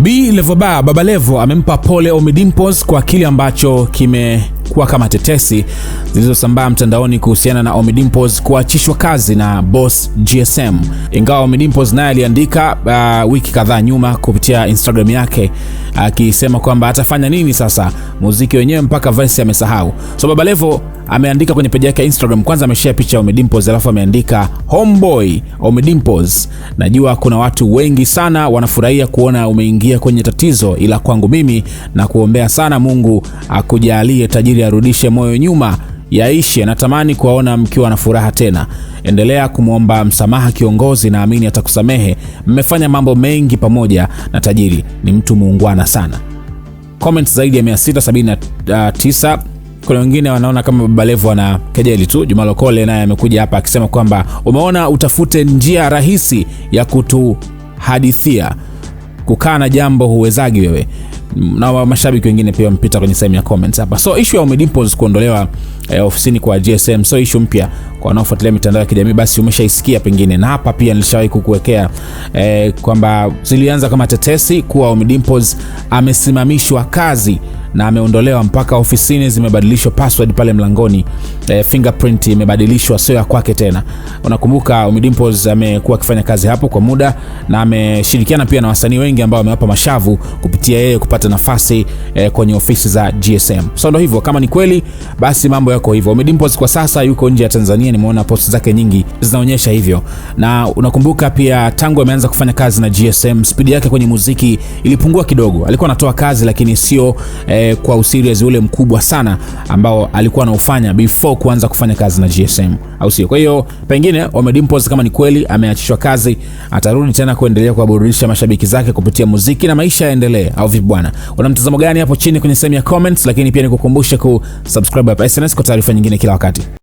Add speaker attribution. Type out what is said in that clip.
Speaker 1: B Levo Bar Baba Levo amempa pole Omy Dimpoz kwa kile ambacho kime kuwa kama tetesi zilizosambaa mtandaoni kuhusiana na Ommy Dimpoz kuachishwa kazi na Boss GSM, ingawa Ommy Dimpoz naye aliandika uh, wiki kadhaa nyuma kupitia Instagram yake akisema uh, kwamba atafanya nini sasa, muziki wenyewe mpaka Vice amesahau. So Baba Levo ameandika kwenye peji yake ya Instagram, kwanza ameshare picha ya Ommy Dimpoz alafu ameandika homeboy Ommy Dimpoz, najua kuna watu wengi sana wanafurahia kuona umeingia kwenye tatizo, ila kwangu mimi na kuombea sana Mungu akujalie tajiri ili arudishe moyo nyuma, yaishe. Natamani kuwaona mkiwa na furaha tena. Endelea kumwomba msamaha kiongozi, naamini atakusamehe. Mmefanya mambo mengi pamoja na tajiri, ni mtu muungwana sana. Comments zaidi ya 679. Uh, Kuna wengine wanaona kama Baba Levo ana kejeli tu. Juma Lokole naye amekuja hapa akisema kwamba umeona, utafute njia rahisi ya kutuhadithia kukaa na jambo huwezagi wewe na wa mashabiki wengine pia wamepita kwenye sehemu ya comments hapa. So issue ya Ommy kuondolewa eh, ofisini kwa GSM so issue mpya kwa wanaofuatilia mitandao ya kijamii basi umeshaisikia pengine, na hapa pia nilishawahi kukuwekea eh, kwamba zilianza kama tetesi kuwa Ommy amesimamishwa kazi na ameondolewa mpaka ofisini zimebadilishwa password pale mlangoni, e, fingerprint imebadilishwa sio ya kwake tena. Unakumbuka Omidimpos amekuwa akifanya kazi hapo kwa muda na ameshirikiana pia na wasanii wengi ambao wamewapa mashavu kupitia yeye kupata nafasi e, kwenye ofisi za GSM. So ndio hivyo, kama ni kweli basi mambo yako hivyo. Omidimpos kwa sasa yuko nje ya Tanzania, nimeona post zake nyingi zinaonyesha hivyo. Na unakumbuka pia tangu ameanza kufanya kazi na GSM, speed yake kwenye muziki ilipungua kidogo. Alikuwa anatoa kazi lakini sio e, eh, kwa userious ule mkubwa sana ambao alikuwa anaufanya before kuanza kufanya kazi na GSM, au sio? Kwa hiyo pengine wamedimpose, kama ni kweli ameachishwa kazi, atarudi tena kuendelea kuwaburudisha mashabiki zake kupitia muziki na maisha yaendelee, au vipi bwana? Una mtazamo gani hapo chini kwenye sehemu ya comments, lakini pia nikukumbusha kusubscribe hapa SnS kwa taarifa nyingine kila wakati.